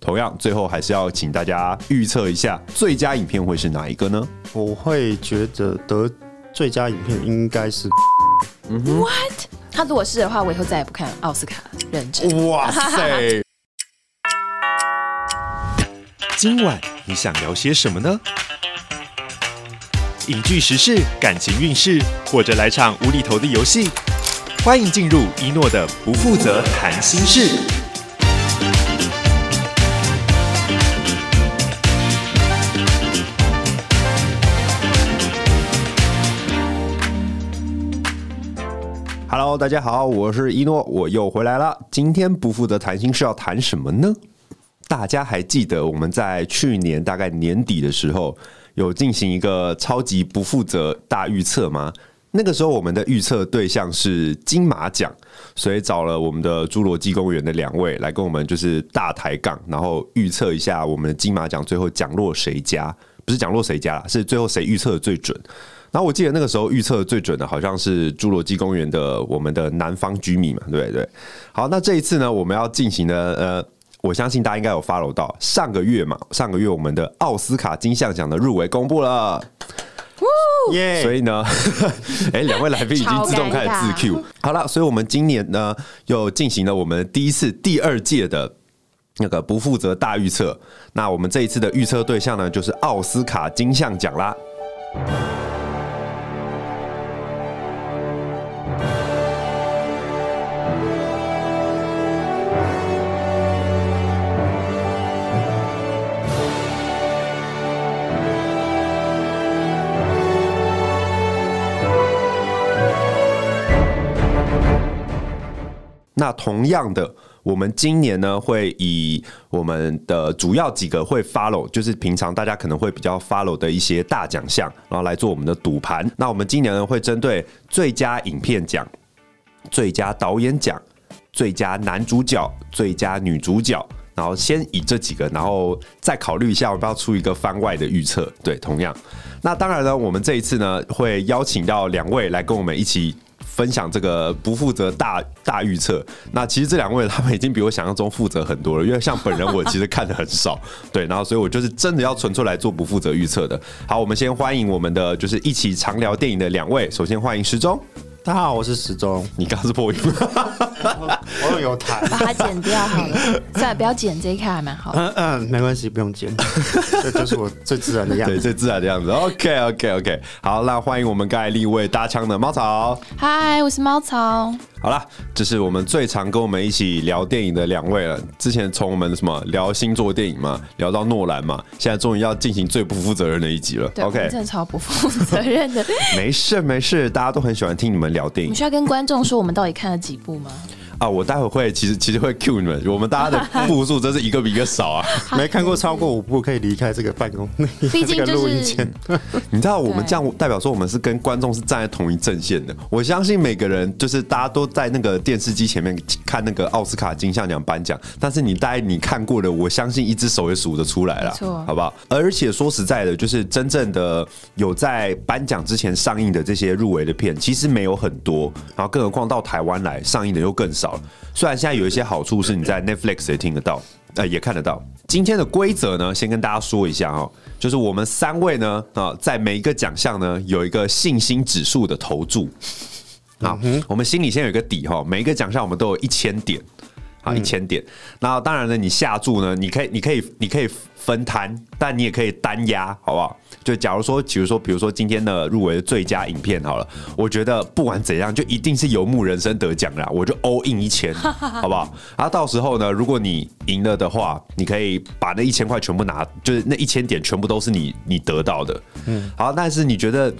同樣，最後還是要請大家預測一下最佳影片會是哪一個呢？我會覺得，得最佳影片應該是 XX、嗯、What？他如果是的話，我以後再也不看奧斯卡，認真。哇塞！ 今晚你想聊些什麼呢？影劇時事、感情運勢，或者來場無厘頭的遊戲？歡迎進入一諾的不負責談心事。Hello，大家好，我是一諾，我又回來了。今天不負責談心是要談什麼呢？大家還記得我們在去年大概年底的時候有進行一個超級不負責大預測嗎？那個時候我們的預測對象是金馬獎，所以找了我們的《侏羅紀公園》的兩位來跟我們就是大抬槓，然後預測一下我們的金馬獎最後獎落誰家，不是獎落誰家啦，是最後誰預測的最準。然後我記得那個時候預測最準的，好像是《侏羅紀公園》的我們的南方居民嘛，對不對？好，那這一次呢，我們要進行的呃，我相信大家應該有 follow 到上個月嘛，上個月我們的奧斯卡金像獎的入圍公布了，耶、yeah!！所以呢，哎、 欸，兩位來賓已經自動開始自 Q。 好了，所以我們今年呢又進行了我們第一次第二屆的那個不負責大預測。那我們這一次的預測對象呢，就是奧斯卡金像獎啦。那同樣的，我們今年呢，會以我們的主要幾個會 follow，就是平常大家可能會比較 follow 的一些大獎項，然後來做我們的賭盤。那我們今年呢，會針對最佳影片獎、最佳導演獎、最佳男主角、最佳女主角，然後先以這幾個，然後再考慮一下我們要不要出一個番外的預測。對，同樣，那當然呢，我們這一次呢，會邀請到兩位來跟我們一起。分享這個不負責大大預測，那其實這兩位他們已經比我想象中負責很多了，因為像本人我其實看得很少， 對，然後所以我就是真的要存出來做不負責預測的。好，我們先歡迎我們的就是一起常聊電影的兩位，首先歡迎時鐘。大家好，我是時鐘。 你剛是破音， 我用有痰，把它剪掉好了。 算了，不要剪，這一塊還蠻好的。嗯嗯，沒關係，不用剪。這 就是我最自然的樣子。對，最自然的樣子。OK OK OK，好，那歡迎我們剛才立位搭槍的貓草。嗨，我是貓草。好啦，這是我們最常跟我們一起聊電影的兩位了。之前從我們什麼聊星座電影嘛，聊到諾蘭嘛，現在終於要進行最不負責任的一集了。對，OK、真的超不負責任的。 沒事沒事，大家都很喜歡聽你們聊電影。你需要跟觀眾說我們到底看了幾部嗎？ 啊，我待會會其實其實會 Q 你們，我們大家的部數真是一個比一個少啊！ 沒看過超過五部可以離開這個辦公室，離開這個錄音間。就是、 你知道我們這樣代表說我們是跟觀眾是站在同一陣線的。我相信每個人就是大家都在那個電視機前面看那個奧斯卡金像獎頒獎，但是你大概你看過的，我相信一隻手也數得出來了，好不好？而且說實在的，就是真正的有在頒獎之前上映的這些入圍的片，其實沒有很多，然後更何況到台灣來上映的又更少。好，雖然現在有一些好處是，你在 Netflix 也聽得到，呃，也看得到。今天的規則呢，先跟大家說一下哦、喔，就是我們三位呢，啊、喔，在每一個獎項呢，有一個信心指數的投注。好、嗯，我們心裡先有一個底哈，每一個獎項我們都有一千點，啊，一、嗯、千點。那當然呢，你下注呢，你可以，你可以，你可以。分攤，但你也可以單押，好不好？就假如說，比如說，比如說今天的入圍最佳影片，好了，我覺得不管怎樣，就一定是《遊牧人生》得獎了，我就 all in 一千，好不好？然後，到時候呢，如果你贏了的話，你可以把那一千塊全部拿，就是那一千點全部都是你你得到的。嗯，好，但是你覺得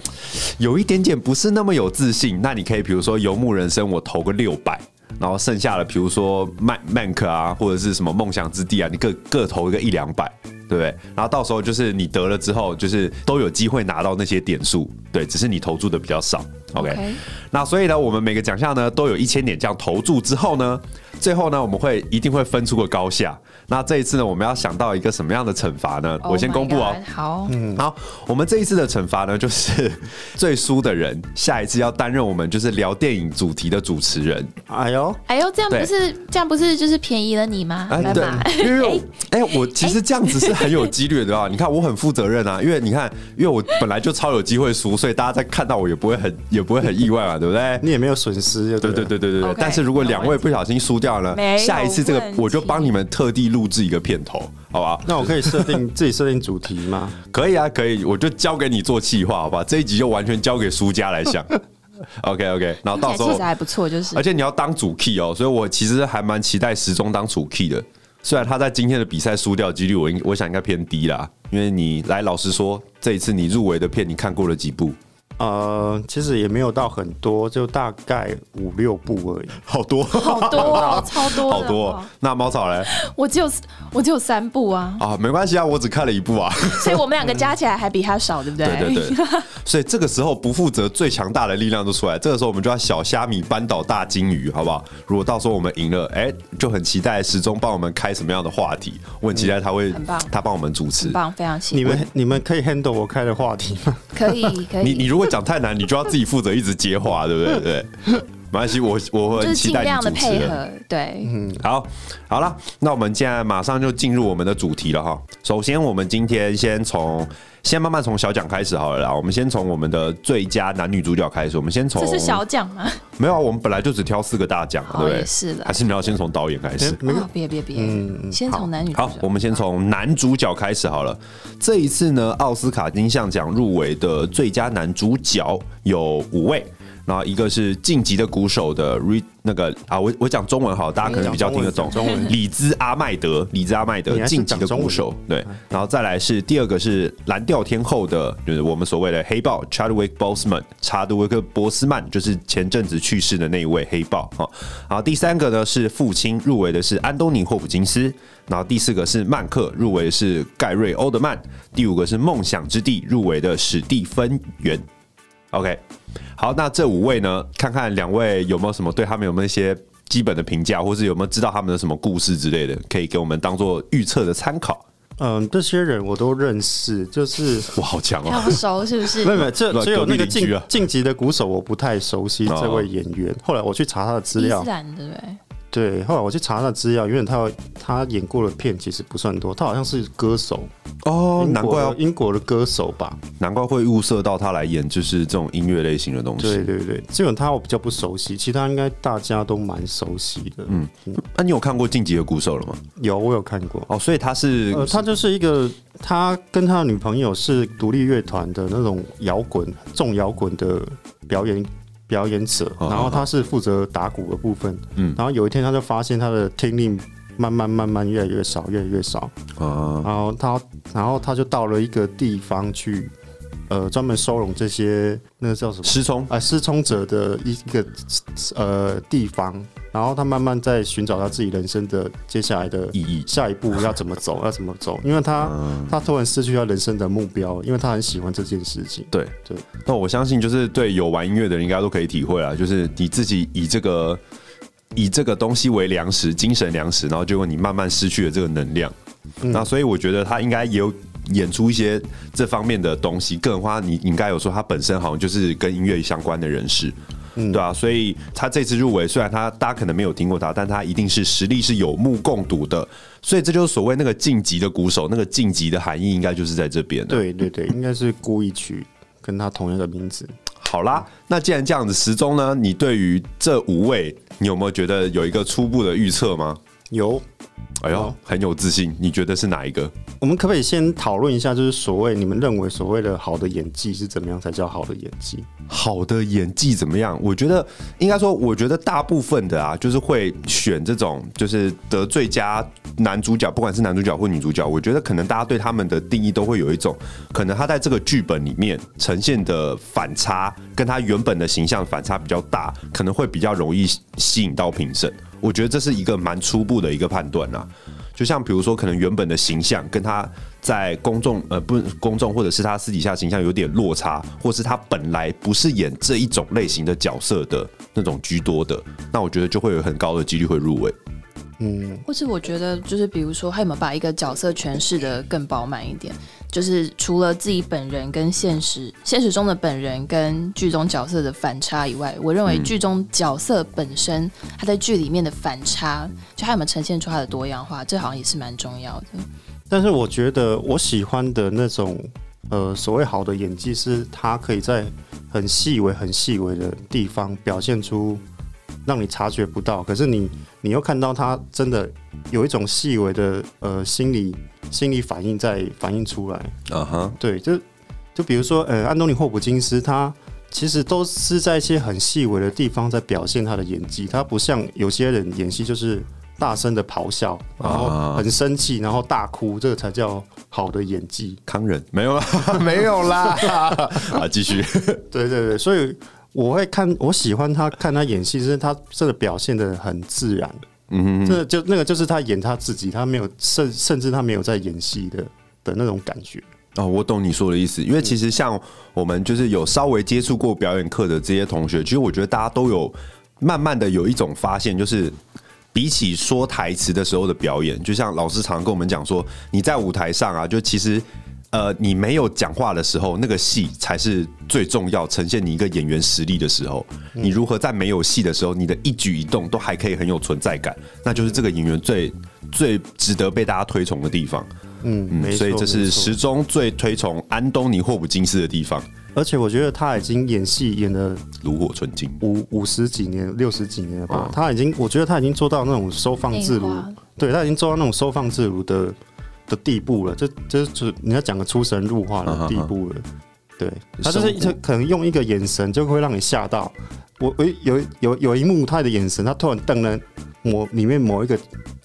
有一點點不是那麼有自信，那你可以比如說《遊牧人生》，我投個六百，然後剩下的比如說《曼曼克》啊，或者是什麼《夢想之地》啊，你各各投一個一兩百。對，對然後到時候就是你得了之後，就是都有機會拿到那些點數，對，只是你投注的比較少。OK，, okay 那所以呢，我們每個獎項呢都有一千點，這樣投注之後呢。最後呢，我們會一定會分出個高下。那這一次呢，我們要想到一個什麼樣的懲罰呢？我先公布哦。好，嗯，好，我們這一次的懲罰呢，就是最輸的人下一次要擔任我們就是聊電影主題的主持人。哎呦，哎呦，這樣不是這樣不是就是便宜了你嗎？哎，對， 因為我哎我其實這樣子是很有幾率的啊。你看我很負責任啊，因為你看，因為我本來就超有機會輸，所以大家在看到我也不會很也不會很意外嘛，對不對？你也沒有損失對。對對對對對。Okay, 但是如果兩位不小心輸掉，好了，下一次這個我就幫你們特地錄制一個片頭，好吧？那我可以設定自己設定主題嗎？ 可以啊，可以，我就交給你做企劃，好吧？這一集就完全交給輸家來想。 OK OK，然後到時候其實還不錯，就是而且你要當主 key 哦，所以我其實還蠻期待時鐘當主 key 的。雖然他在今天的比賽輸掉幾率我，我應我想應該偏低啦，因為你來，老實說，這一次你入圍的片，你看過了幾部？呃，其實也沒有到很多，就大概五六部而已。好多， 好多，啊、超多，好多。好好，那貓草嘞？我只有我只有三部啊。啊，沒關係啊，我只看了一部啊。所以我們兩個加起來還比他少，嗯、對不對？對對對 所以這個時候不負責最強大的力量都出來，這個時候我們就要小蝦米扳倒大鯨魚，好不好？如果到時候我們贏了，哎、欸，就很期待時鐘幫我們開什麼樣的話題？我很期待他會，嗯、他幫我們主持，棒，非常期待。你們你們可以 handle 我開的話題嗎？可以可以。 你你如果。講太難，你就要自己負責，一直接話，對不對？對。沒關係，我我會盡、就是、盡量的配合，對，嗯，好，好了，那我們現在馬上就進入我們的主題了哈。首先，我們今天先從先慢慢從小獎開始好了啦，我們先從我們的最佳男女主角開始。我們先從這是小獎嗎？沒有，我們本來就只挑四個大獎、啊，哦、對，對，是的。還是你要先從導演開始？啊、嗯哦，別別別，嗯，先從男女好，好，我們先從男主角開始好了、嗯。這一次呢，奧斯卡金像獎入圍的最佳男主角有五位。然後一個是靜寂的鼓手的 r 那個啊，我我講中文好，大家可能比較聽得懂。中文，中文李茲阿麥德，李茲阿麥德靜寂的鼓手對，然後再來是第二個是藍調天後的就是我們所謂的黑豹 Chadwick Boseman，Chadwick Boseman 就是前陣子去世的那一位黑豹哈，然後第三個呢是父親入圍的是安東尼霍普金斯，然後第四個是曼克入圍的是蓋瑞歐德曼，第五個是夢想之地入圍的史蒂芬元。OK。好，那這五位呢？看看兩位有沒有什麼對他們有沒有一些基本的評價，或是有沒有知道他們的什麼故事之類的，可以給我們當做預測的參考。嗯，這些人我都認識，就是我好強哦、啊。他不熟是不是？沒 有沒有，這只有那個進晉級的鼓手，我不太熟悉這位演員。嗯、後來我去查他的資料，伊斯蘭的對，後來我去查了資料，因為他他演過的片其實不算多，他好像是歌手哦，難怪、啊、英國的歌手吧，難怪會物色到他來演就是這種音樂類型的東西。對對對，基本他我比較不熟悉，其他應該大家都蠻熟悉的。嗯，那、啊、你有看過《晉級的鼓手》了嗎？有，我有看過。哦，所以他是、呃，他就是一個他跟他的女朋友是獨立樂團的那種搖滾、重搖滾的表演。表演者，然後他是負責打鼓的部分，嗯，然後有一天他就發現他的聽力慢慢慢慢越來越少，越來越少，然後他，然後他就到了一個地方去。呃，專門收容這些那個叫什麼失聰啊、呃、失聰者的一個呃地方，然後他慢慢在尋找他自己人生的接下來的意義，下一步要怎麼走，要怎麼走，因為他、嗯、他突然失去他人生的目標，因為他很喜歡這件事情。對對，那我相信就是對有玩音樂的人應該都可以體會啊，就是你自己以這個以這個東西為糧食，精神糧食，然後結果你慢慢失去了這個能量，嗯、那所以我覺得他應該有演出一些這方面的東西，更何況你應該有說他本身好像就是跟音樂相關的人士，嗯，對啊，所以他這次入圍，雖然他大家可能沒有聽過他，但他一定是實力是有目共睹的。所以這就是所謂那個晉級的鼓手，那個晉級的含義應該就是在這邊。對對對，應該是故意取跟他同一個名字。好啦，那既然這樣子，時鐘呢？你對於這五位，你有沒有覺得有一個初步的預測嗎？有，哎呦、嗯，很有自信。你覺得是哪一個？我們可不可以先討論一下，就是所謂你們認為所謂的好的演技是怎麼樣才叫好的演技？好的演技怎麼樣？我覺得應該說，我覺得大部分的啊，就是會選這種，就是得最佳男主角，不管是男主角或女主角，我覺得可能大家對他們的定義都會有一種，可能他在這個劇本裡面呈現的反差，跟他原本的形象反差比較大，可能會比較容易吸引到評審。我覺得這是一個蠻初步的一個判斷吶、啊，就像比如說，可能原本的形象跟他在公眾呃，不公眾或者是他私底下形象有點落差，或是他本來不是演這一種類型的角色的那種居多的，那我覺得就會有很高的幾率會入圍。嗯，或者我覺得就是，比如說他有沒有把一個角色詮釋的更飽滿一點？就是除了自己本人跟現實、現實中的本人跟劇中角色的反差以外，我認為劇中角色本身他在劇裡面的反差，就他有沒有呈現出他的多樣化，這好像也是蠻重要的。嗯。但是我覺得我喜歡的那種，呃，所謂好的演技是，他可以在很細微、很細微的地方表現出。讓你察覺不到，可是你你又看到他真的有一種細微的，呃，心理心理反應在反映出來啊哈、uh -huh. 對，就就比如說呃，安東尼霍普金斯他其實都是在一些很細微的地方在表現他的演技，他不像有些人演戲就是大聲的咆哮，uh -huh. 然後很生氣，然後大哭，這個才叫好的演技。康人沒有啦，沒有啦， 沒有啦 啊，繼繼續 對對對，所以。我會看，我喜歡他看他演戲，是他真的表現得很自然，嗯哼哼，這個、就那個就是他演他自己，他沒有甚甚至他沒有在演戲的的那種感覺。哦，我懂你說的意思，因為其實像我們就是有稍微接觸過表演課的這些同學、嗯，其實我覺得大家都有慢慢的有一種發現，就是比起說台詞的時候的表演，就像老師常跟我們講說，你在舞台上啊，就其實。呃，你沒有講話的時候，那個戲才是最重要，呈現你一個演員實力的時候。嗯、你如何在沒有戲的時候，你的一舉一動都還可以很有存在感，那就是這個演員最、嗯、最值得被大家推崇的地方。嗯，嗯，所以這是時鐘最推崇安東尼·霍普金斯的地方。而且我覺得他已經演戲演的爐火純青，五五十幾年，六十幾年了吧，嗯。他已經，我覺得他已經做到那種收放自如。對，他已經做到那種收放自如的。的地步了，這這是你要講個出神入化的、uh -huh. 地步了，對，他就是就可能用一個眼神就會讓你嚇到。我我有有有一幕他的眼神，他突然瞪了某裡面某一個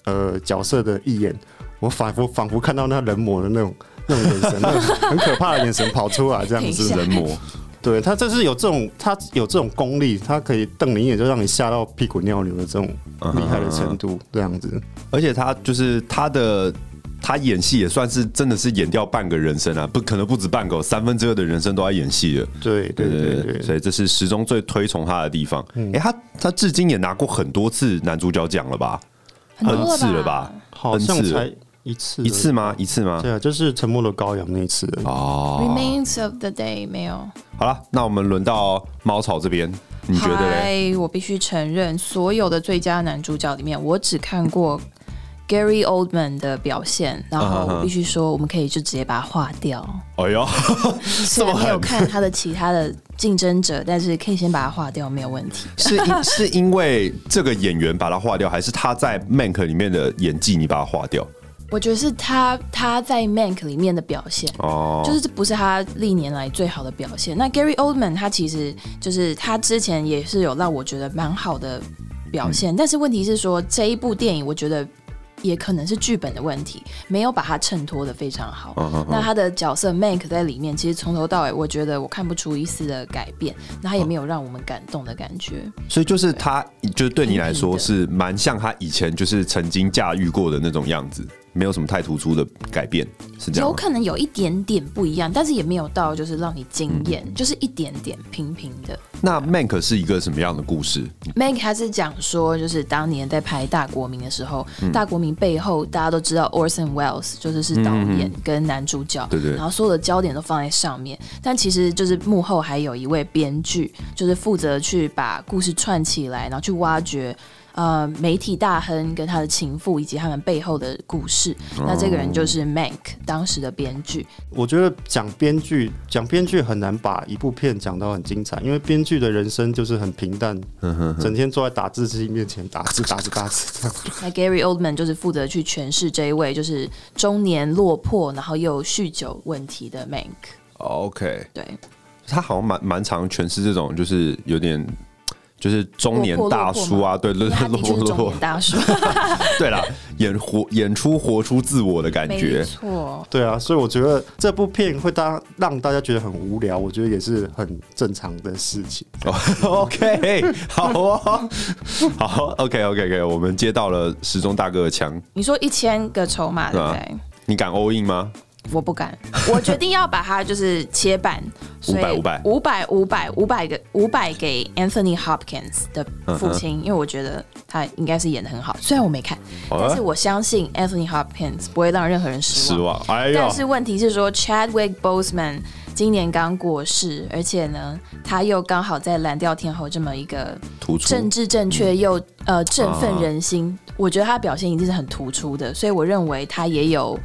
呃角色的一眼，我仿佛仿佛看到那人魔的那種那種、個、眼神， 那種很可怕的眼神跑出來這樣子人魔 對，他這是有這種他有這種功力，他可以瞪你一眼就讓你嚇到屁滾尿流的這種厲害的程度、uh -huh. 這樣子，而且他就是他的。他演戲也算是真的是演掉半個人生啊，不可能不止半個，三分之二的人生都在演戲了。對對對對，所以這是時鐘最推崇他的地方。哎、嗯欸，他他至今也拿過很多次男主角獎了吧？很多了、N、次了吧？N 次了好像才一次一次嗎？一次嗎？對，啊，就是《沉默的羔羊》那一次哦。Remains of the Day 沒有。好了，那我們輪到貓草這邊，你覺得咧？Hi, 我必須承認，所有的最佳男主角裡面，我只看過。 Gary Oldman 的表現，然後我必須說，我們可以就直接把它劃掉。哎呦，雖然沒有看他的其他的競爭者， 但是可以先把它劃掉，沒有問題。是是因為這個演員把它劃掉，還是他在《Mank》裡面的演技你把它劃掉？我覺得是他他在《Mank》裡面的表現，哦、oh.，就是這不是他歷年來最好的表現。那 Gary Oldman 他其實就是他之前也是有讓我覺得蠻好的表現、嗯，但是問題是說這一部電影，我覺得。也可能是劇本的問題，沒有把它襯托的非常好。Oh, oh, oh. 那他的角色 Mank 在裡面，其實從頭到尾，我覺得我看不出一絲的改變，那他也沒有讓我們感動的感覺。Oh. 所以就是他，就對你來說是蠻像他以前就是曾經駕馭過的那種樣子。沒有什麼太突出的改變，是這樣。有可能有一點點不一樣，但是也沒有到就是讓你驚艷，嗯、就是一點點平平的。那 Mank 是一個什麼樣的故事？Mank 他是講說，就是當年在拍大國民的時候、嗯，《大國民》的時候，《大國民》背後大家都知道 Orson Welles 就是是導演跟男主角，嗯，對對。然後所有的焦點都放在上面，但其實就是幕後還有一位編劇，就是負責去把故事串起來，然後去挖掘。呃、uh，媒體大亨跟他的情婦以及他們背後的故事。Oh. 那這個人就是 Mank，當時的編劇。我覺得講編劇，講編劇很難把一部片講到很精彩，因為編劇的人生就是很平淡， 整天坐在打字機面前打字 打字打字。打打打 那 Gary Oldman 就是負責去詮釋這一位，就是中年落魄，然後又酗酒問題的 Mank。Oh, OK，對，他好像蠻蠻常詮釋這種，就是有點。就是中年大叔啊，對對對，中年大叔。 對啦， 演活演出活出自我的感覺，沒錯。對啊，所以我覺得這部片會大讓大家覺得很無聊，我覺得也是很正常的事情。Oh, OK， 好啊、哦， 好，OK OK OK，我們接到了時鐘大哥的槍。你說一千個籌碼對不對、啊？你敢 all in 嗎？我不敢， 我決定要把它就是切半，所以五百五百五百五百五百個五百給 Anthony Hopkins 的父親、嗯嗯，因為我覺得他應該是演的很好，雖然我沒看，但是我相信 Anthony Hopkins 不會讓任何人失望。是哎，但是問題是說 Chadwick Boseman 今年剛過世，而且呢他又剛好在藍調天後這麼一個政治正確又呃振奮人心、啊，我覺得他表現一定是很突出的，所以我認為他也有。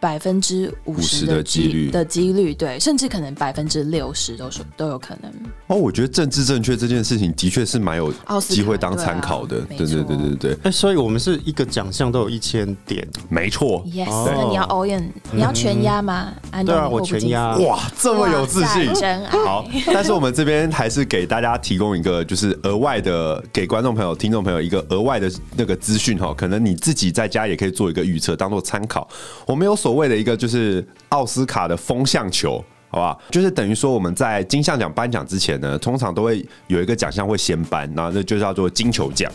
百分之五十的幾率的幾率，對，甚至可能百分之六十都是都有可能。哦，我覺得政治正確這件事情的確是蠻有機會當參考的對、啊，對對對對對、欸。所以我們是一個獎項都有一千點，沒錯。Yes，、哦、那你要 a l 你要全押嗎？嗯嗯 know, 對啊，我全押。哇，這麼有自信，好， 但是我們這邊還是給大家提供一個，就是額外的 給觀眾朋友、聽眾朋友一個額外的那個資訊哈，可能你自己在家也可以做一個預測，當做參考。我沒有。所謂的一個就是奧斯卡的風向球，好吧，就是等於說我們在金像獎頒獎之前呢，通常都會有一個獎項會先頒，然後那就叫做金球獎。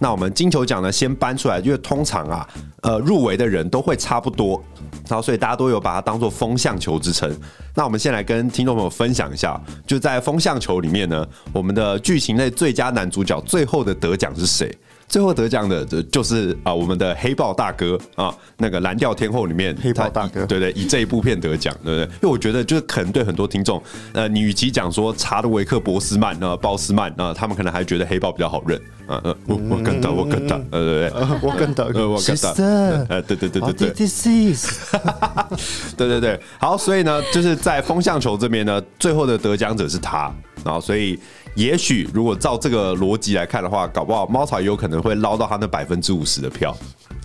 那我們金球獎呢先頒出來，因為通常啊，呃，入圍的人都會差不多，然後所以大家都有把它當做風向球之稱。那我們先來跟聽眾朋友分享一下，就在風向球裡面呢，我們的劇情類最佳男主角最後的得獎是誰？最後得獎的就是啊，我們的黑豹大哥啊，那個藍調天后裡面黑豹大哥，對對，以這一部片得獎，對不對？因為我覺得就是可能對很多聽眾，呃，你與其講說查德維克·博斯曼啊，包、呃、斯曼啊、呃，他們可能還覺得黑豹比較好認，我我嗯嗯，瓦、瓦干達瓦干達，呃瓦干達瓦干達，呃對對對對對，哈哈哈哈哈，對對對，好，所以呢，就是在風向球這邊呢，最後的得獎者是他，然後所以。也許，如果照這個邏輯來看的話，搞不好貓草也有可能會撈到他那百分之五十的票。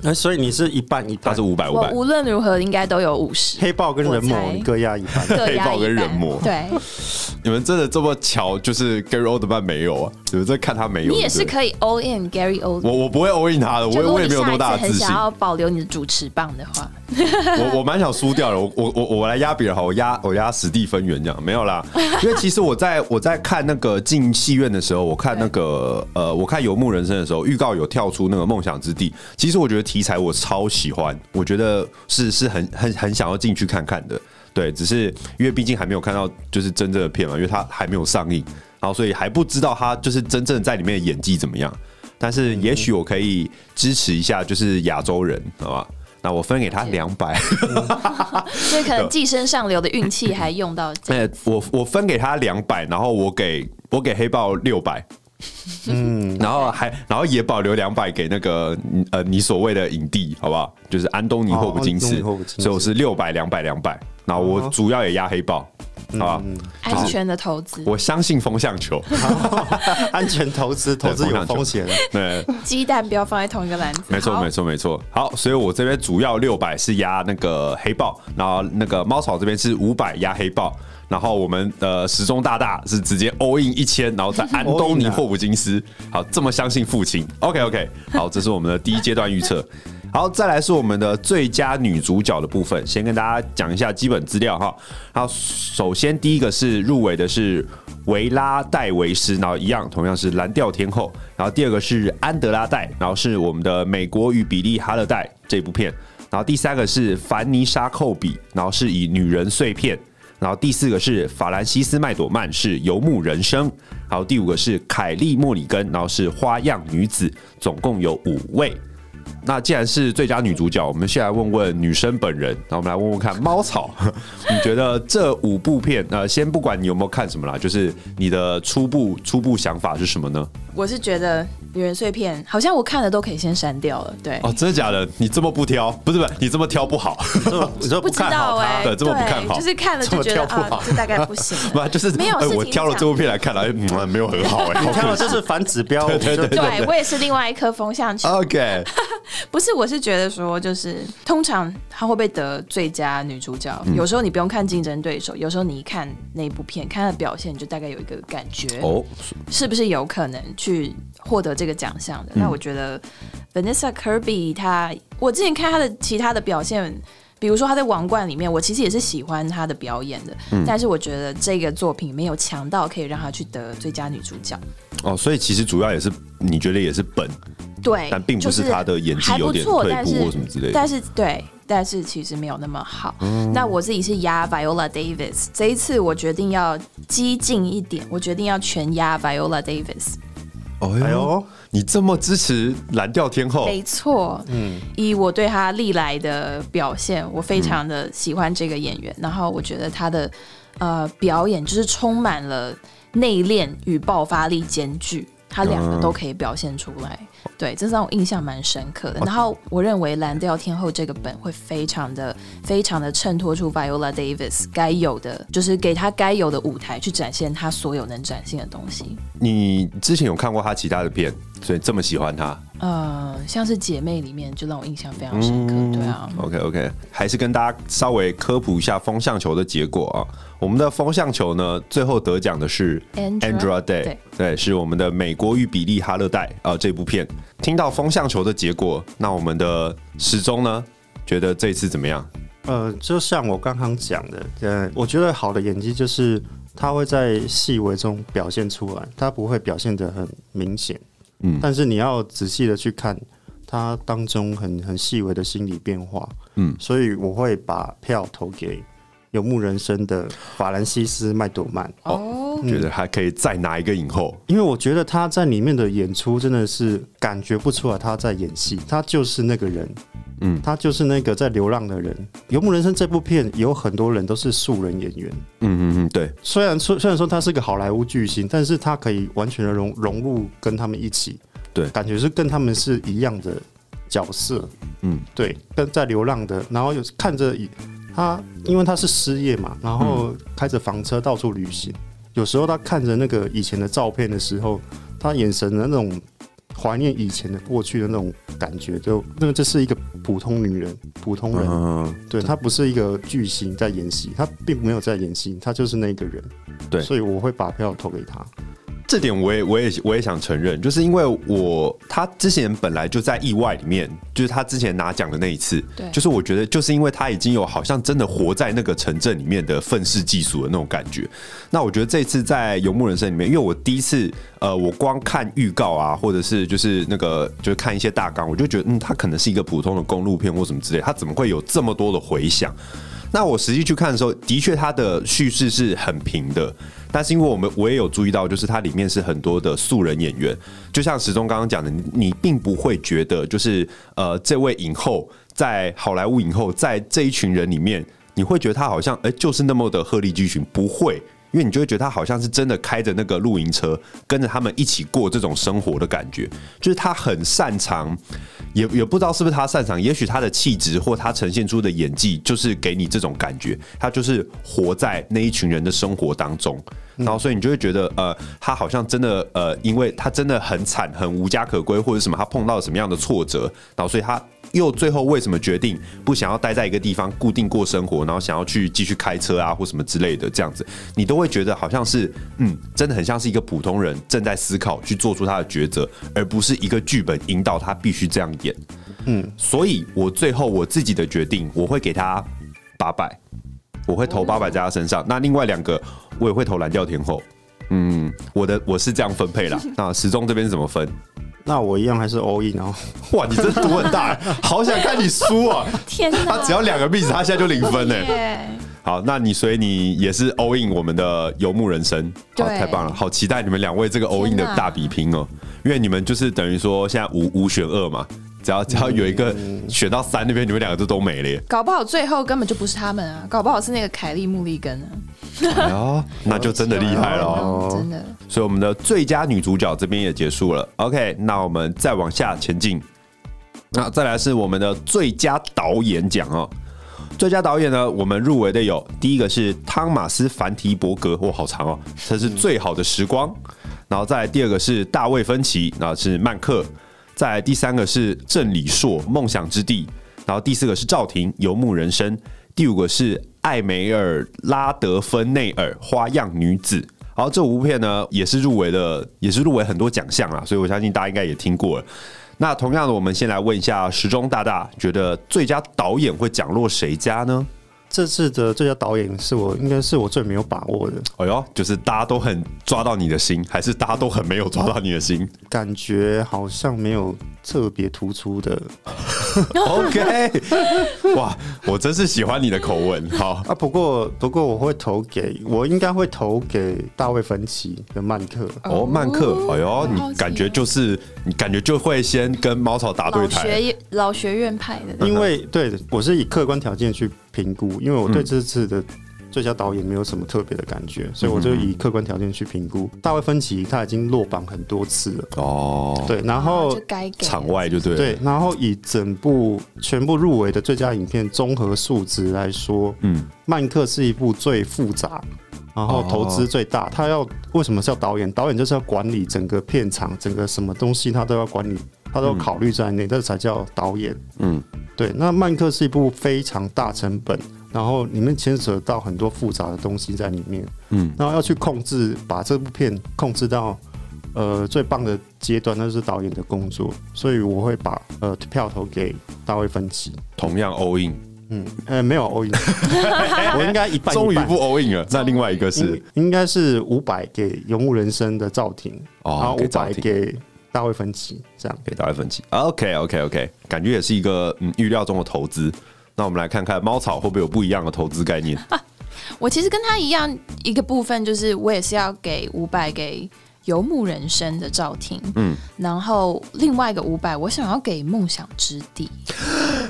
哎，所以你是一半一半，嗯、他是五百五百。無論如何，應該都有五十。黑豹跟人魔各壓一半。黑豹跟人魔。對，你們真的這麼巧？就是 Gary Oldman 沒有啊？你們在看他沒有？你也是可以 All in Gary Oldman。我我不會 All in 他的，我我也沒有多大的自信。如果下次很想要保留你的主持棒的話，我我蠻想輸掉了。我我我我我來壓別人好，我壓我壓史蒂芬元這樣沒有啦。 因為其實我在我在看那個進戲院的時候，我看那個呃，我看《游牧人生》的時候，預告有跳出那個夢想之地。其實我覺得。題材我超喜歡，我覺得是是很很很想要進去看看的。對，只是因為畢竟還沒有看到就是真正的片嘛，因為他還沒有上映，然後所以還不知道他就是真正在裡面的演技怎麼樣。但是也許我可以支持一下，就是亞洲人、嗯，好吧？那我分給他兩百，嗯、 所以可能寄生上流的運氣還用到。那、嗯、我我分給他兩百，然後我給我給黑豹六百。 嗯，然後還，然後也保留兩百給那個呃，你所謂的影帝，好不好？就是安東尼霍普金斯，哦、安東尼霍普金斯，所以我是六百兩百兩百。然後我主要也壓黑豹，哦、好吧？安全的投資，我相信風向球。哦、 安全投資，投資有風險。對，雞蛋不要放在同一個籃子。 沒錯，沒錯，沒錯。好，所以我這邊主要六百是壓那個黑豹，然後那個貓草這邊是五百壓黑豹。然後我們的、呃、時鐘大大是直接 all in 一千，然後在安東尼霍普金斯， 好，這麼相信父親。OK OK，好，這是我們的第一階段預測。好， 再來是我們的最佳女主角的部分，先跟大家講一下基本資料哈。然後首先第一個是入圍的是維拉戴維斯，然後一樣同樣是藍調天後。然後第二個是安德拉戴，然後是我們的《美國與比利哈勒戴》這部片。然後第三個是凡妮莎寇比，然後是以《女人碎片》。然後第四個是法蘭西斯·麥朵曼，是游牧人生。然後第五個是凱利·莫里根，然後是花樣女子，總共有五位。那既然是最佳女主角，我們先來問問女生本人。那我們來問問看，貓草， 你覺得這五部片，呃，先不管你有沒有看什麼啦，就是你的初步初步想法是什麼呢？我是覺得。女人碎片好像我看了都可以先刪掉了，對哦，真的假的？你這麼不挑，不是不你這麼挑不好，嗯、不,不知道哎、欸，這麼不看好，就是看了就覺得這、啊、就大概不行，不 就是沒有、欸、是我挑了這部片來看、欸、嗯，沒有很好哎、欸，我看了就是反指標， 對對,對,對,對,對,對,對我也是另外一顆風向球 OK 不是我是覺得說就是通常她會被得最佳女主角，嗯、有時候你不用看競爭對手，有時候你一看那一部片，看她的表現就大概有一個感覺哦，oh. 是不是有可能去獲得這。這個獎項的、嗯，那我覺得 Vanessa Kirby 她，我之前看她的其他的表現，比如說她在《王冠》裡面，我其實也是喜歡她的表演的，嗯、但是我覺得這個作品沒有強到可以讓她去得最佳女主角。哦，所以其實主要也是你覺得也是本對，但並不是她的演技有點退步什麼之類但是，但是對，但是其實沒有那麼好。嗯、那我自己是押 Viola Davis，這一次我決定要激進一點，我決定要全押 Viola Davis。哎呦，你這麼支持藍調天后？沒錯，嗯，以我對他歷來的表現，我非常的喜歡這個演員。嗯、然後我覺得他的呃表演就是充滿了內斂與爆發力兼具，他兩個都可以表現出來。嗯對，這是讓我印象蠻深刻的。Okay. 然後我認為《藍調天後》這個本會非常的、非常的襯托出 Viola Davis 該有的，就是給她該有的舞台，去展現她所有能展現的東西。你之前有看過她其他的片，所以這麼喜歡她？呃，像是《姐妹》裡面就讓我印象非常深刻，嗯。對啊。OK OK，還是跟大家稍微科普一下風向球的結果啊。我們的風向球呢，最後得獎的是 Andra Day，Andra? 對，對，是我們的《美國與比利·哈勒戴》啊、呃、這部片。聽到風向球的結果，那我們的時鐘呢？覺得這一次怎麼樣？呃，就像我剛剛講的，呃，我覺得好的演技就是他會在細微中表現出來，他不會表現得很明顯。嗯，但是你要仔細的去看他當中很很細微的心理變化。嗯，所以我會把票投給。《遊牧人生》的法蘭西斯·麥朵曼，哦、嗯，覺得還可以再拿一個影後，因為我覺得他在裡面的演出真的是感覺不出來他在演戲，他就是那個人，嗯，他就是那個在流浪的人。《遊牧人生》這部片有很多人都是素人演員，嗯嗯嗯，對。雖然說，雖然說他是個好萊塢巨星，但是他可以完全的融融入跟他們一起，對，感覺是跟他們是一樣的角色，嗯，對，跟在流浪的，然後有看着他因為他是失業嘛，然後開着房車到處旅行。嗯、有時候他看着那個以前的照片的時候，他眼神的那種懷念以前的過去的那種感覺就，那就那個這是一個普通女人，普通人，嗯、對，他不是一個巨星在演戲，他並沒有在演戲，他就是那個人。對，所以我會把票投給他。這點我也我也我也想承認，就是因為我他之前本來就在意外裡面，就是他之前拿獎的那一次，對，就是我覺得，就是因為他已經有好像真的活在那個城鎮裡面的憤世嫉俗的那種感覺。那我覺得這次在《遊牧人生》裡面，因為我第一次，呃，我光看預告啊，或者是就是那個就是看一些大綱，我就覺得，嗯，他可能是一個普通的公路片或什麼之類，他怎麼會有這麼多的迴響？那我實際去看的時候，的確他的敘事是很平的。但是因為我們我也有注意到，就是它裡面是很多的素人演員，就像時鐘剛剛講的你，你並不會覺得就是呃，這位影后在好萊塢影后在這一群人裡面，你會覺得他好像誒、欸、就是那麼的鶴立雞群，不會，因為你就會覺得他好像是真的開着那個露營車跟着他們一起過這種生活的感覺，就是他很擅長。也也不知道是不是他擅長，也許他的氣質或他呈現出的演技，就是給你這種感覺，他就是活在那一群人的生活當中，然後所以你就會覺得，呃，他好像真的，呃，因為他真的很慘，很無家可歸，或者什麼，他碰到了什麼樣的挫折，然後所以他。又最後為什麼決定不想要待在一個地方固定過生活，然後想要去繼續開車啊或什麼之類的這樣子，你都會覺得好像是嗯，真的很像是一個普通人正在思考去做出他的抉擇，而不是一個劇本引導他必須這樣演。嗯，所以我最後我自己的決定，我會給他八百，我會投八百在他身上。嗯、那另外兩個我也會投藍調天後。嗯，我的我是這樣分配啦。那時鐘這邊是怎麼分？那我一樣還是 all in 哦，哇，你這賭很大，欸， 好想看你輸啊！天哪，他只要兩個幣子，他現在就零分呢，欸。好，那你所以你也是 all in 我們的游牧人生，好，太棒了，好期待你們兩位這個 all in 的大比拼哦，喔，因為你們就是等於說現在五五選二嘛。只要只要有一個選到三那邊、嗯，你們兩個就都沒了耶。搞不好最後根本就不是他們啊，搞不好是那個凱莉·穆利根啊、 哎。那就真的厲害了、喔，真的。所以我們的最佳女主角這邊也結束了。OK，那我們再往下前進。那再來是我們的最佳導演獎哦、喔。最佳導演呢，我們入圍的有第一個是湯馬斯·凡提伯格，哇、喔，好長哦、喔，這是《最好的時光》嗯。然後再來第二個是大衛·芬奇，然後是曼克。再來第三個是鄭李碩《夢想之地》，然後第四個是趙婷《遊牧人生》，第五個是艾梅爾拉德芬內爾《花樣女子》。好，這五部片呢也是入圍了，也是入圍很多獎項啦。所以我相信大家應該也聽過了。那同樣的，我們先來問一下時鐘大大，覺得最佳導演會獎落誰家呢？這次的最佳導演是我，應該是我最沒有把握的。哎呦，就是大家都很抓到你的心，還是大家都很沒有抓到你的心？感覺好像沒有特別突出的。 OK， 哇，我真是喜歡你的口吻。好啊，不過不過我會投給我應該會投給大衛芬奇的曼克。哦，曼克，哎呦，你感覺就是你感覺就會先跟貓草打對台，老學，老學院派的對不對？因為對，我是以客觀條件去評估，因為我對這次的最佳導演沒有什麼特別的感覺、嗯，所以我就以客觀條件去評估。嗯嗯，大衛芬奇他已經落榜很多次了哦，對，然後、哦、場外就對，對，然後以整部全部入圍的最佳影片綜合數值來說，嗯，曼克是一部最複雜。然後投資最大，oh. 他要為什麼叫導演？導演就是要管理整個片場，整個什麼東西他都要管理，他都要考慮在內，這、嗯、才叫導演。嗯，對。那《曼克》是一部非常大成本，然後裡面牽扯到很多複雜的東西在裡面。嗯，然後要去控制，把這部片控制到呃最棒的階段，那就是導演的工作。所以我會把呃票投給大衛芬奇，同樣 all in。嗯，呃，沒有 all in 我應該一半。終於不 all in 了， 那另外一個是，應該是五百給游牧人生的趙婷，哦，五百給大衛芬奇，這樣給大衛芬奇。OK OK OK，感覺也是一個嗯預料中的投資。那我們來看看貓草會不會有不一樣的投資概念、啊。我其實跟他一樣，一個部分就是我也是要給五百給。遊牧人生的趙婷，嗯，然後另外一個五百，我想要給夢想之地。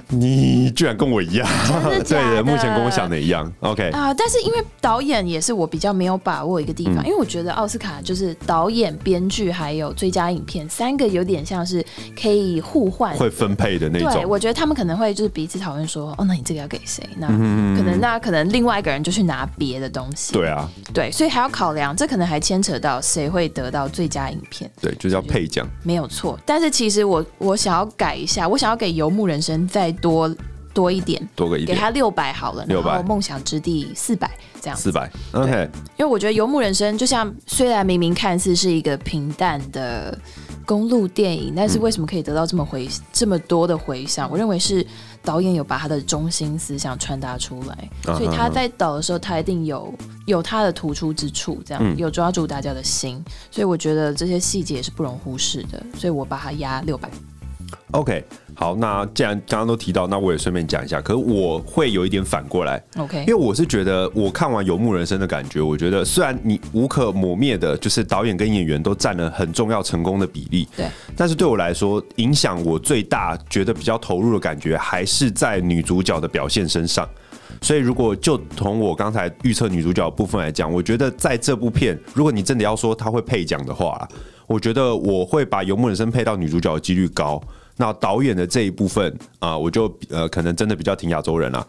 你居然跟我一樣，真的假的？ 對的，目前跟我想的一樣。OK 啊、呃，但是因為導演也是我比較沒有把握一個地方、嗯，因為我覺得奧斯卡就是導演、編劇還有最佳影片三個有點像是可以互換、會分配的那種。對，我覺得他們可能會就是彼此討論說，哦，那你這個要給誰？那嗯嗯嗯可能那可能另外一個人就去拿別的東西。對啊，對，所以還要考量，這可能還牽扯到誰會得。得到最佳影片，對，就叫、是、配獎，就就沒有錯。但是其實我我想要改一下，我想要給《遊牧人生》再多多一點，多個一點，給他六百好了，六百，《夢想之地》四百這樣，四百，OK。因為我覺得《遊牧人生》就像雖然明明看似是一個平淡的公路電影，但是為什麼可以得到這麼回、嗯、這麼多的回響？我認為是。導演有把他的中心思想傳達出來，uh -huh. 所以他在導的時候，他一定有有他的突出之處，這樣有抓住大家的心，嗯。所以我覺得這些細節也是不容忽視的，所以我把它壓六百。OK，好，那既然剛剛都提到，那我也順便講一下。可是我會有一點反過來，OK，因為我是覺得我看完《遊牧人生》的感覺，我覺得雖然你無可磨滅的，就是導演跟演員都占了很重要成功的比例，對。但是對我來說，影響我最大、覺得比較投入的感覺，還是在女主角的表現身上。所以，如果就從我剛才預測女主角的部分來講，我覺得在這部片，如果你真的要說她會配獎的話，我覺得我會把《遊牧人生》配到女主角的幾率高。那導演的這一部分啊、呃，我就呃可能真的比較挺亞洲人了、啊，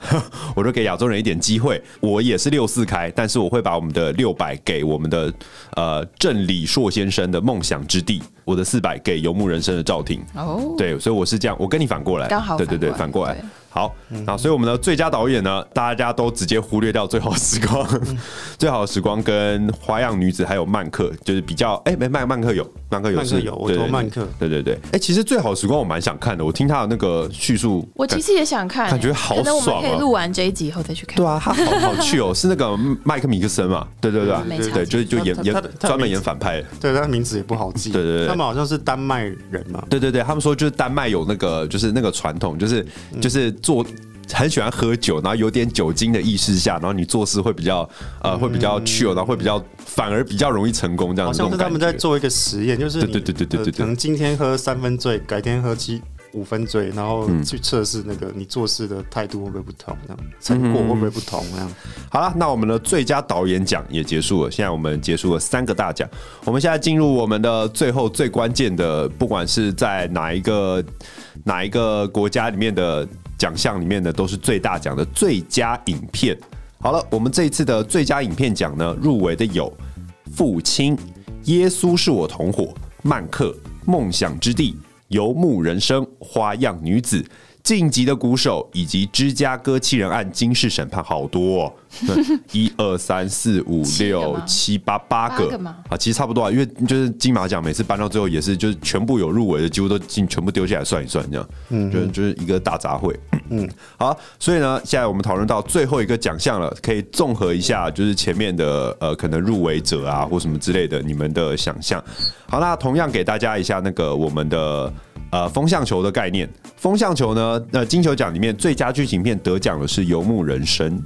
我就給亞洲人一點機會。我也是六四開，但是我會把我們的六百給我們的呃鄭李碩先生的夢想之地。我的四百給遊牧人生的趙婷哦，對，所以我是這樣，我跟你反過來，剛好，對對對，反過來，好啊、嗯，所以我們的最佳導演呢，大家都直接忽略掉《最好時光》嗯，《最好的時光》跟《花樣女子》還有《曼克》，就是比較，哎、欸，沒曼曼克有，曼克，克有，曼克有，我投曼克，對對對，哎、欸，其實《最好的時光》我蠻想看的，我聽他的那個敘述，我其實也想看、欸，感覺好爽、啊、可能我們可以錄完這一集以後再去看，對啊，他好好去哦，是那個麥克米克森嘛， 對對對對，對，對，對，對，對，對，就就演演專門演反派，對，他名字也不好記，對對對。他們好像是丹麥人嘛？對對對，他們說就是丹麥有那個，就是那個傳統，就是、嗯、就是做很喜歡喝酒，然後有點酒精的意識下，然後你做事會比較呃，會比較自由 chill，然後會比較反而比較容易成功這樣子。嗯、好像是他們在做一個實驗，就是對對對對對對,對,對、呃，可能今天喝三分醉，改天喝七。五分醉，然後去測試那個你做事的態度會不會不同，這、嗯、樣成果會不會不同？嗯、這樣好了，那我們的最佳導演獎也結束了。現在我們結束了三個大獎，我們現在進入我們的最後最關鍵的，不管是在哪一個哪一個國家裡面的獎項裡面的，都是最大獎的最佳影片。好了，我們這一次的最佳影片獎呢，入圍的有《父親》、《耶穌是我同夥》、《曼克》、《夢想之地》。游牧人生、花漾女子、靜寂的鼓手，以及芝加哥七人案：驚世審判，好多哦。一、 二、三、四、五、六、七、八，八個啊，其實差不多啊，因為就是金馬獎每次頒到最後也是就是全部有入圍的，幾乎都進全部丟下來算一算這樣，嗯，就是就是一個大雜燴，嗯， 好，所以呢，現在我們討論到最後一個獎項了，可以綜合一下就是前面的呃可能入圍者啊或什麼之類的你們的想象，好，那同樣給大家一下那個我們的呃風向球的概念，風向球呢，那、呃、金球獎裡面最佳劇情片得獎的是《游牧人生》。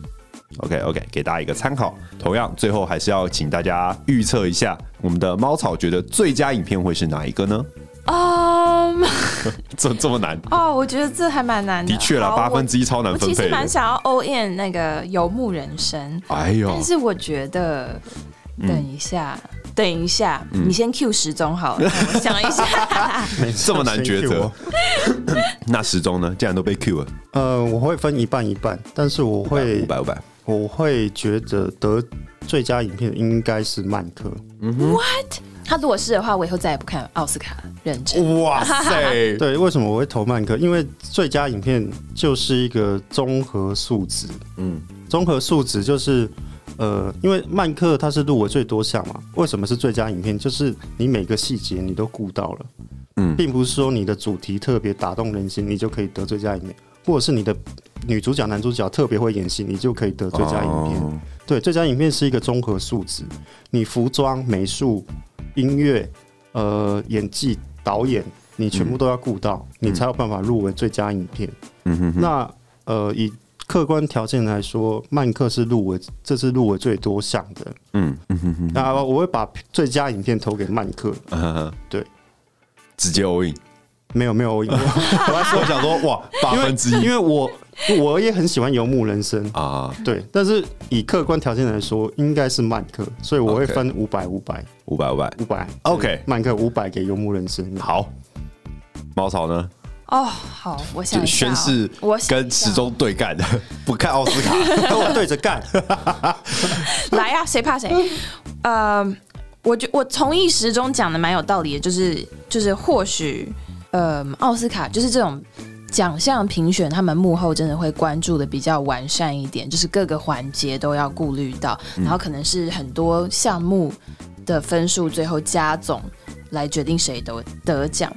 OK，OK，okay, okay, 給大家一個參考。同樣，最後還是要請大家預測一下我們的貓草覺得最佳影片會是哪一個呢？啊、um, ，這這麼難哦？Oh, 我覺得這還蠻難的。的確啦，八、oh, 分之一超難分配。我我其實蠻想要 O N 那個《游牧人生》。哎呦！但是我覺得，等一下，嗯、等一下，嗯、你先 Q 時鐘好了， 我想一下，這麼難抉擇？ 那時鐘呢？既然都被 Q 了，呃，我會分一半一半，但是我會五百五百。500, 500我會覺得得最佳影片應該是曼克。Mm -hmm. What？他如果是的話，我以後再也不看奧斯卡，認真。哇塞！ 對，為什麼我會投曼克？因為最佳影片就是一個綜合素質。嗯，綜合素質就是呃，因為曼克他是入圍最多項嘛。為什麼是最佳影片？就是你每個細節你都顧到了。嗯，並不是說你的主題特別打動人心，你就可以得最佳影片。如果是你的女主角、男主角特別會演戲，你就可以得最佳影片。Oh. 對，最佳影片是一個綜合素質，你服裝、美術、音樂、呃，演技、導演，你全部都要顧到，嗯，你才有辦法入圍最佳影片。嗯哼。那呃，以客觀條件來說，曼克是入圍，這是入圍最多項的。嗯嗯哼。那我會把最佳影片投給曼克。Uh, 對，直接 all in 沒有沒有，沒有我那 想說哇，八分之一，因為，因為我我也很喜歡遊牧人生啊，對，但是以客觀條件來說，應該是曼克，所以我會分五百五百五百五百五百，OK，曼克五百給遊牧人生，好，貓草呢？哦，oh，好，我想，想宣誓始，我跟時鐘對幹的， 不看奧斯卡，跟 啊 uh, 我對着幹，來呀，誰怕誰？呃，我覺我從一時鐘講的蠻有道理的，就是就是或許。嗯，奧斯卡就是這種獎項評選，他們幕後真的會關注得比較完善一點，就是各個環節都要顧慮到，然後可能是很多項目的分數最後加總來決定誰得獎。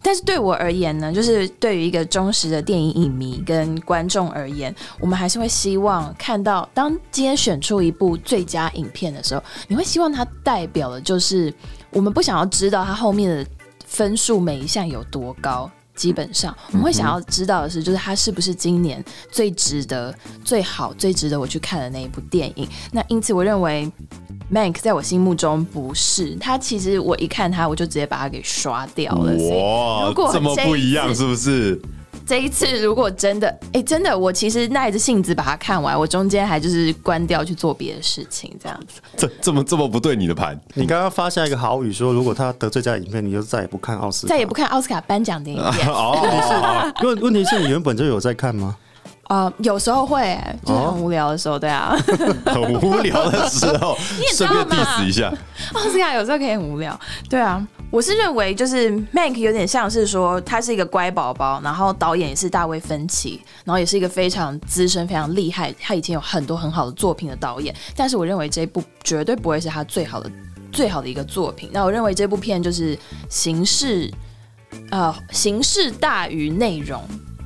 但是對我而言呢，就是對於一個忠實的電影影迷跟觀眾而言，我們還是會希望看到，當今天選出一部最佳影片的時候，你會希望它代表的就是我們不想要知道它後面的。分數每一項有多高？基本上我們會想要知道的是，嗯、就是它是不是今年最值得、最好、最值得我去看的那一部電影。那因此，我認為《Mank》在我心目中不是它。他其實我一看它，我就直接把它給刷掉了。哇，這，這麼不一樣，是不是？這一次如果真的，哎，真的，我其實耐着性子把它看完，我中間還就是關掉去做別的事情，這樣子。這這麼這麼不對你的盤？你剛剛發下一個豪語說，如果他得最佳影片，你就再也不看奧斯卡，再也不看奧斯卡頒獎的電影片。啊、 哦，問不題是，問 問題是你原本就有在看嗎？啊、uh,，有時候會、欸，就很無聊的時候，哦、對啊， 很無聊的時候， 你也知道嗎？順便墊死一下。是啊，對、oh, yeah, 有時候可以很無聊，對啊。我是認為，就是 Mank 有點像是說，他是一個乖寶寶，然後導演也是大衛芬奇，然後也是一個非常資深、非常厲害，他以前有很多很好的作品的導演。但是，我認為這一部絕對不會是他最好的、最好的一個作品。那我認為這部片就是形式，呃，形式大於內容。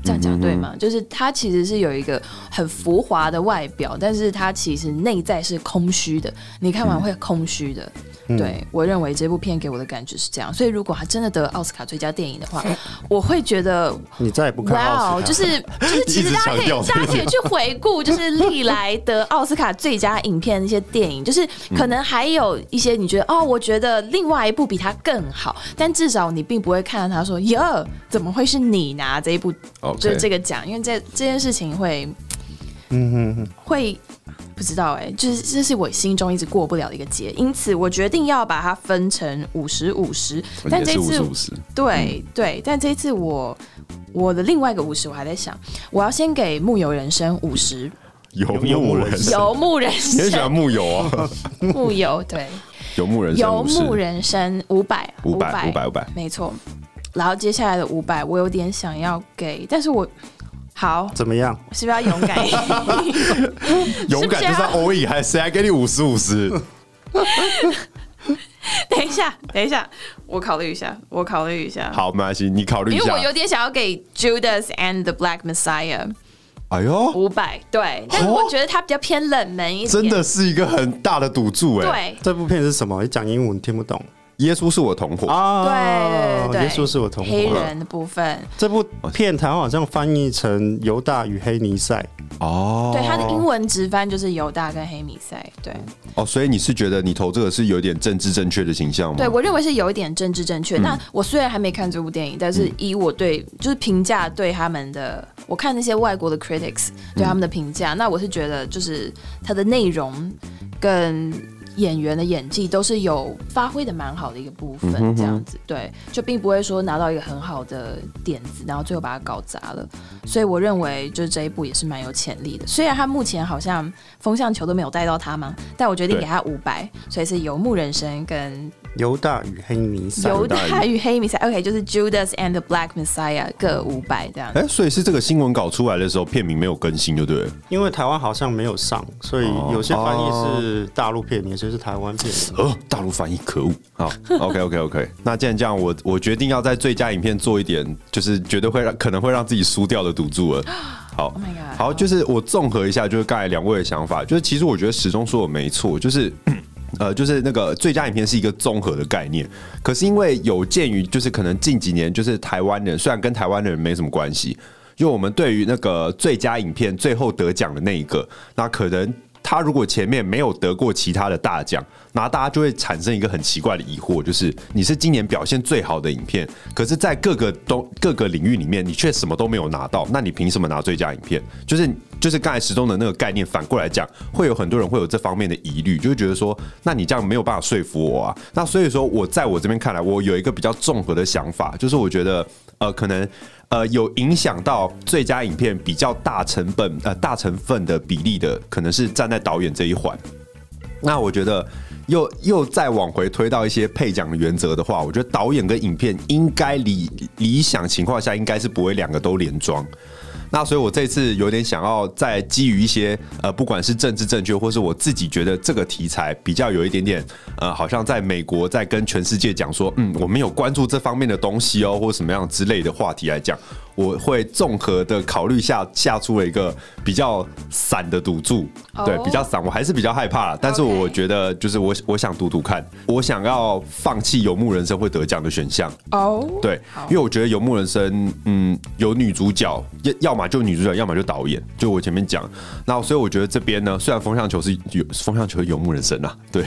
這樣講對嗎？就是它其實是有一個很浮華的外表，但是它其實內在是空虛的。你看完會空虛的。嗯、對我認為這部片給我的感覺是這樣，所以如果他真的得奧斯卡最佳電影的話， 我會覺得你再也不看。哇，就是就是，其 實強 大家可以大家可以去回顧，就是歷來得奧斯卡最佳影片那些電影，就是可能還有一些你覺得、嗯、哦，我覺得另外一部比它更好，但至少你並不會看到他說喲，yeah, 怎麼會是你拿這一部，okay. 就是這個獎？因為這這件事情會。嗯哼哼，會不知道哎、欸，就是這是我心中一直過不了的一個結。因此我決定要把它分成50 50, 五十五十。但這次五十對、嗯、對，但這一次我我的另外一個五十，我還在想，我要先給游牧人，人，人，人、， 啊、 人生五十。游游游牧人生，你也喜歡游牧啊，游牧對，游牧人生，游牧人生，五百五百五百五百，沒錯。然後接下來的五百，我有點想要給，但是我。好，怎麼樣？是不是要勇敢一點？ 勇敢就算。要偶遇，還是誰來給你五十五十？等一下，等一下，我考慮一下，我考慮一下。好，沒關係，你考慮一下。因為我有點想要給 Judas and the Black Messiah。哎呦，五百對，但是我覺得它比較偏冷門一點、哦。真的是一個很大的賭注哎。對，這部片是什麼？你講英文，你聽不懂。耶穌是我同夥啊、哦！對，耶穌是我同夥。黑人的部分、哦，這部片台灣好像翻譯成《猶大與黑彌賽亞》哦。對，他的英文直翻就是《猶大跟黑彌賽亞》。對，哦，所以你是覺得你投這個是有一點政治正確的形象嗎？對我認為是有一點政治正確、嗯。那我雖然還沒看這部電影，但是以我對就是評價對他們的，我看那些外國的 critics 對他們的評價、嗯，那我是覺得就是它的內容跟。演員的演技都是有發揮的蠻好的一個部分，這樣子、嗯哼哼，對，就並不會說拿到一個很好的點子，然後最後把它搞砸了，所以我認為就是這一部也是蠻有潛力的。雖然他目前好像風向球都沒有帶到他嘛，但我決定給他五百，所以是游牧人生跟。猶大與黑彌賽猶大與黑彌賽，OK，就是 Judas and the Black Messiah，各五百這樣。哎、欸，所以是這個新聞稿出來的時候，片名沒有更新，對不對？因為台灣好像沒有上，所以有些翻譯是大陸片名，有些是台灣片名。哦譯大陸、哦、翻譯可惡好 OK，OK，OK。 okay okay okay, 那既然這樣，我我決定要在最佳影片做一點，就是絕對會讓可能會讓自己輸掉的賭注了。好，oh、God, 好，就是我綜合一下，就是剛才兩位的想法，就是其實我覺得時鐘說的沒錯，就是。 呃，就是那個最佳影片是一個綜合的概念，可是因為有鑑於就是可能近幾年就是台灣人，雖然跟台灣人沒什麼關係，因為我們對於那個最佳影片最後得獎的那一個，那可能。他如果前面沒有得過其他的大獎，那大家就會產生一個很奇怪的疑惑，就是你是今年表現最好的影片，可是，在各個都各個領域裡面，你卻什麼都沒有拿到，那你憑什麼拿最佳影片？就是就是剛才時鐘的那個概念，反過來講，會有很多人會有這方面的疑慮，就會覺得說，那你這樣沒有辦法說服我啊。那所以說，我在我這邊看來，我有一個比較綜合的想法，就是我覺得，呃，可能。呃，有影響到最佳影片比較大成本呃大成分的比例的，可能是站在導演這一環。那我覺得又又再往回推到一些配獎的原則的話，我覺得導演跟影片應該理理想情況下應該是不會兩個都連莊。那所以，我這次有點想要再基於一些，呃，不管是政治正確，或是我自己覺得這個題材比較有一點點，呃，好像在美國在跟全世界講說，嗯，我們有關注這方面的東西哦、喔，或者什麼樣之類的話題來講。我會綜合的考慮下下出了一個比較散的賭注，oh. 對，比較散，我還是比較害怕啦，但是我覺得就是我我想賭賭看，okay. 我想要放棄《游牧人生》會得獎的選項哦，oh. 對，oh. 因為我覺得《游牧人生》嗯有女主角，要麼就女主角，要麼就導演，就我前面講，那所以我覺得這邊呢，雖然風向球是有，風向球是《游牧人生》啊，對，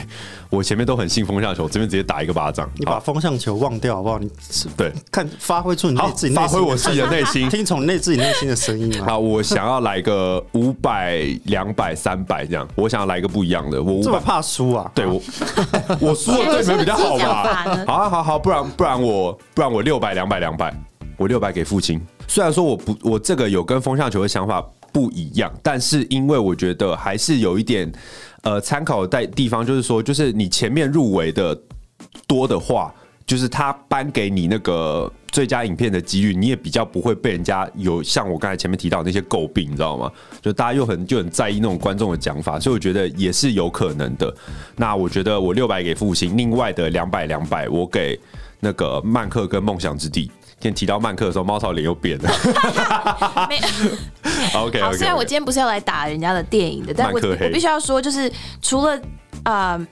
我前面都很信風向球，我這邊直接打一個巴掌，你把風向球忘掉好不好？你好是對，看發揮出你自己的，發揮我自己的。 內心聽從內自己內心的聲音啊！ 我想要來個五百兩百三百這樣，我想要來個不一樣的。我500，這麼怕輸啊？對我，啊？我輸了對你們比較好吧？好啊，好好，不然不然我不然我六百兩百兩百，我六百給父親。雖然說我不我這個有跟風向球的想法不一樣，但是因為我覺得還是有一點呃參考的地方，就是說就是你前面入圍的多的話。就是他頒給你那個最佳影片的機率，你也比較不會被人家有像我剛才前面提到那些詬病，你知道嗎？就大家又很就很在意那種觀眾的講法，所以我覺得也是有可能的。那我覺得我六百給父親，另外的兩百兩百我給那個曼克跟夢想之地。今天提到曼克的時候，貓草臉又變了。 OK OK，雖然我今天不是要來打人家的電影的，但我我必須要說，就是除了啊。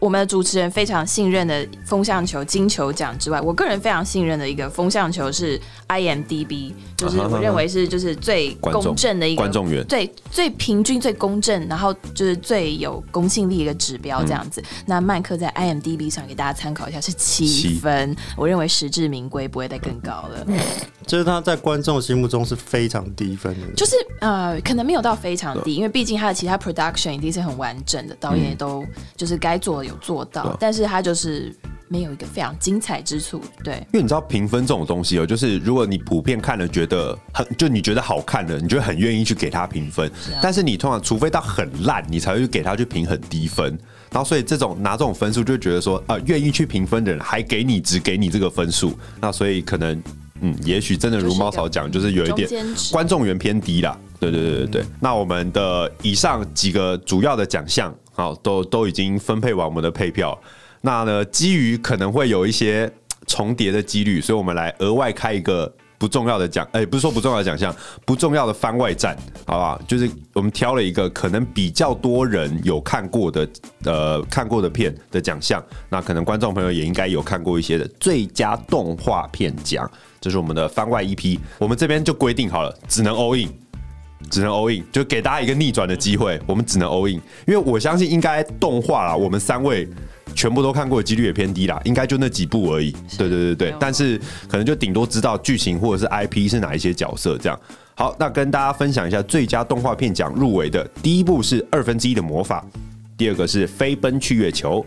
我們的主持人非常信任的風向球金球獎之外，我個人非常信任的一個風向球是。IMDB 就是我認為是就是最公正的一個觀眾員，對，最最平均、最公正，然後就是最有公信力一個指標這樣子、嗯。那曼克在 IMDB 上給大家參考一下，是七分七。我認為實至名歸，不會再更高了。嗯、就是他在觀眾心目中是非常低分的，就是呃，可能沒有到非常低，因為畢竟他的其他 production 一定是很完整的，導演也都就是該做的有做到、嗯，但是他就是沒有一個非常精彩之處。對，因為你知道評分這種東西哦、喔，就是如果你普遍看了覺得很，就你覺得好看的，你覺得很願意去給他評分、啊。但是你通常除非他很爛，你才會給他去評很低分。然後所以這種拿這種分數就覺得說，啊、呃，願意去評分的人還給你只給你這個分數。那所以可能，嗯，也許真的如貓草講，就是有一點觀眾緣偏低了。對對對對對、嗯。那我們的以上幾個主要的獎項，啊，都都已經分配完我們的配票。那呢，基於可能會有一些。重疊的幾率，所以我們來額外開一個不重要的獎，誒、欸，不是說不重要的獎項，不重要的番外戰，好不好？就是我們挑了一個可能比較多人有看過的，呃，看過的片的獎項。那可能觀眾朋友也應該有看過一些的最佳動畫片獎，這、就是我們的番外 EP。我們這邊就規定好了，只能 all in，只能 all in，就給大家一個逆轉的機會。我們只能 all in，因為我相信應該動畫了，我們三位。全部都看過幾率也偏低啦，應該就那幾部而已。對對對對，但是可能就頂多知道劇情或者是 IP 是哪一些角色這樣。好，那跟大家分享一下最佳動畫片獎入圍的第一部是《二分之一的魔法》，第二個是《飛奔去月球》，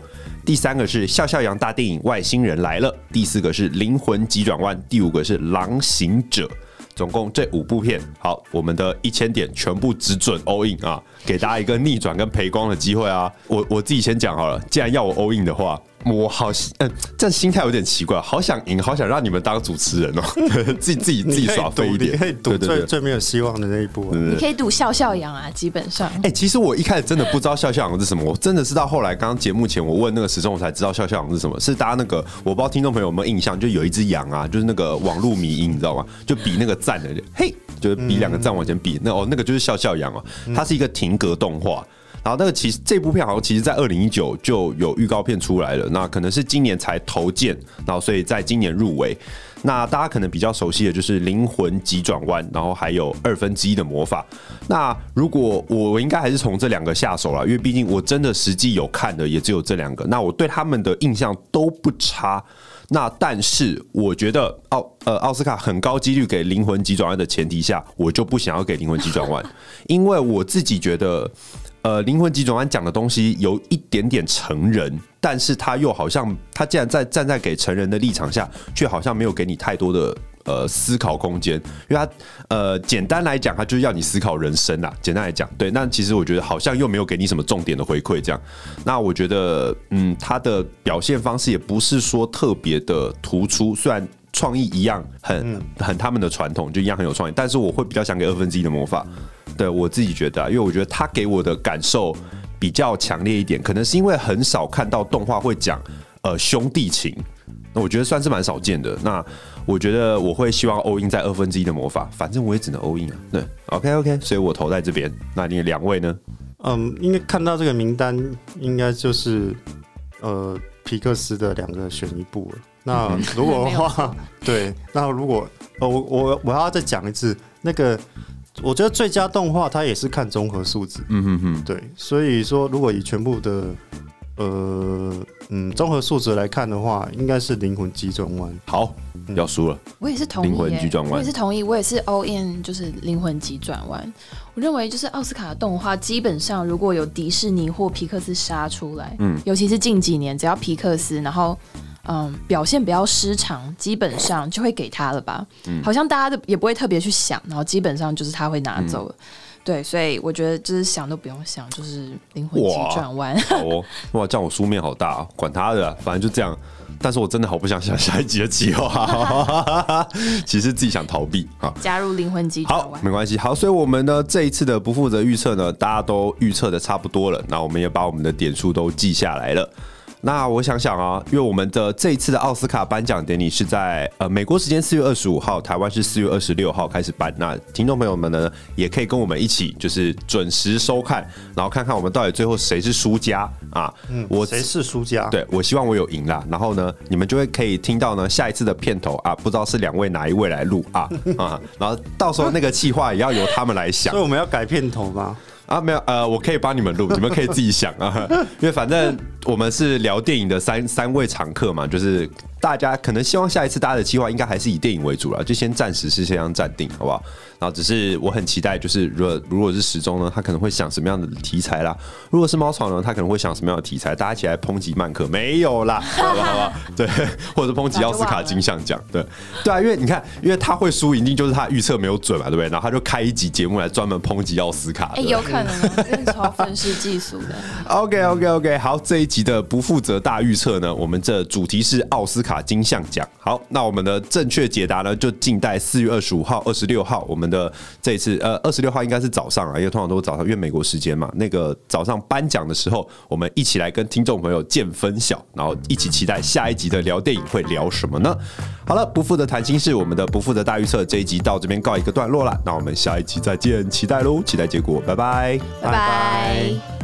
第三個是《笑笑羊大電影外星人來了》，第四個是《靈魂急轉彎》，第五個是《狼行者》。總共這五部片，好，我們的一千點全部只准 all in 啊，給大家一個逆轉跟賠光的機會啊。我我自己先講好了，既然要我 all in 的話。我好像，嗯、呃，這樣心態有點奇怪，好想贏，好想讓你們當主持人哦， 自己自己自己耍飛一點，可以賭最對對對最沒有希望的那一波、啊。你可以賭笑笑羊啊，基本上。哎、欸，其實我一開始真的不知道笑笑羊是什麼， 我真的是到後來，剛剛節目前我問那個時鐘，我才知道笑笑羊是什麼，是大家那個我不知道聽眾朋友有沒有印象，就有一隻羊啊，就是那個網絡迷因，你知道嗎？就比那個讚的，人，嘿，就是比兩個讚往前比，那、嗯、哦，那個就是笑笑羊啊，它是一個停格動畫。嗯嗯然後那個其實這部片好像其實在二零一九就有預告片出來了，那可能是今年才投件，然後所以在今年入圍。那大家可能比較熟悉的就是《靈魂急轉彎》，然後還有《二分之一的魔法》。那如果我應該還是從這兩個下手啦，因為畢竟我真的實際有看的也只有這兩個。那我對他們的印象都不差。那但是我覺得奧呃奧斯卡很高幾率給《靈魂急轉彎》的前提下，我就不想要給《靈魂急轉彎》，因為我自己覺得。呃，靈魂急轉彎講的東西有一點點成人，但是他又好像他既然在站在給成人的立場下，卻好像沒有給你太多的呃思考空間，因為他呃簡單來講，他就是要你思考人生啦。簡單來講，對，那其實我覺得好像又沒有給你什麼重點的回饋，這樣。那我覺得，嗯，他的表現方式也不是說特別的突出，雖然。創意一樣很很他們的傳統，就一樣很有創意，但是我會比較想給二分之一的魔法，對，我自己覺得啊，因為我覺得他給我的感受比較強烈一點，可能是因為很少看到動畫會講呃兄弟情，那我覺得算是蠻少見的。那我覺得我會希望 all in 在二分之一的魔法，反正我也只能 all in 啊。對，OK OK，所以我投在這邊。那你兩位呢？嗯，因為看到這個名單，應該就是呃皮克斯的兩個選一部了。 那如果的話， 對，那如果呃，我我我還要再講一次，那個我覺得最佳動畫它也是看綜合素質，嗯嗯嗯，對，所以說如果以全部的呃嗯綜合素質來看的話，應該是靈魂急轉彎，好、嗯、要輸了，我也是同意欸、靈魂急轉彎，我也是同意，我也是 all in 就是靈魂急轉彎，我認為就是奧斯卡的動畫基本上如果有迪士尼或皮克斯殺出來，嗯，尤其是近幾年只要皮克斯，然後。嗯，表現比較失常，基本上就會給他了吧。嗯，好像大家都也不會特別去想，然後基本上就是他會拿走、嗯、對，所以我覺得就是想都不用想，就是靈魂急轉彎。哇，這樣我輸面好大、啊，管他的、啊，反正就這樣。但是我真的好不想想下一集的計劃、哦， 其實自己想逃避啊。加入靈魂急轉彎，好，沒關係。好，所以我們呢這一次的不負責預測呢，大家都預測的差不多了，那我們也把我們的點數都記下來了。那我想想啊，因為我們的這一次的奧斯卡頒獎典禮是在呃美國時間四月二十五號，台灣是四月二十六號開始頒。那聽眾朋友們呢，也可以跟我們一起，就是準時收看，然後看看我們到底最後誰是輸家啊？嗯，我誰是輸家？對，我希望我有贏啦。然後呢，你們就會可以聽到呢下一次的片頭啊，不知道是兩位哪一位來錄啊 啊，然後到時候那個企劃也要由他們來想，所以我們要改片頭嗎？啊，沒有，呃，我可以幫你們錄，你們可以自己想啊， 因為反正我們是聊電影的三三位常客嘛，就是大家可能希望下一次大家的計劃應該還是以電影為主了，就先暫時是先這樣暫定，好不好？啊，只是我很期待，就是如果如果是時鐘呢，他可能會想什麼樣的題材啦？如果是貓草呢，他可能會想什麼樣的題材？大家一起來抨擊曼克沒有啦， 好不好？對，或者是抨擊奧斯卡金像獎？對對啊，因為你看，因為他會輸，一定就是他預測沒有準嘛，對不對？然後他就開一集節目來專門抨擊奧斯卡，哎、欸，有可能、啊，真 超粉絲技術的。OK OK OK，好，這一集的不負責大預測呢，我們這主題是奧斯卡金像獎。好，那我們的正確解答呢，就靜待四月二十五號、二十六號，我們的。的這一次，呃，二十六號應該是早上啊，因為通常都是早上，約美國時間嘛。那個早上頒獎的時候，我們一起來跟聽眾朋友見分曉，然後一起期待下一集的聊電影會聊什麼呢？好了，不負責談心事，我們的不負責大預測這一集到這邊告一個段落了，那我們下一集再見，期待嘍，期待結果，拜拜，拜拜。拜拜。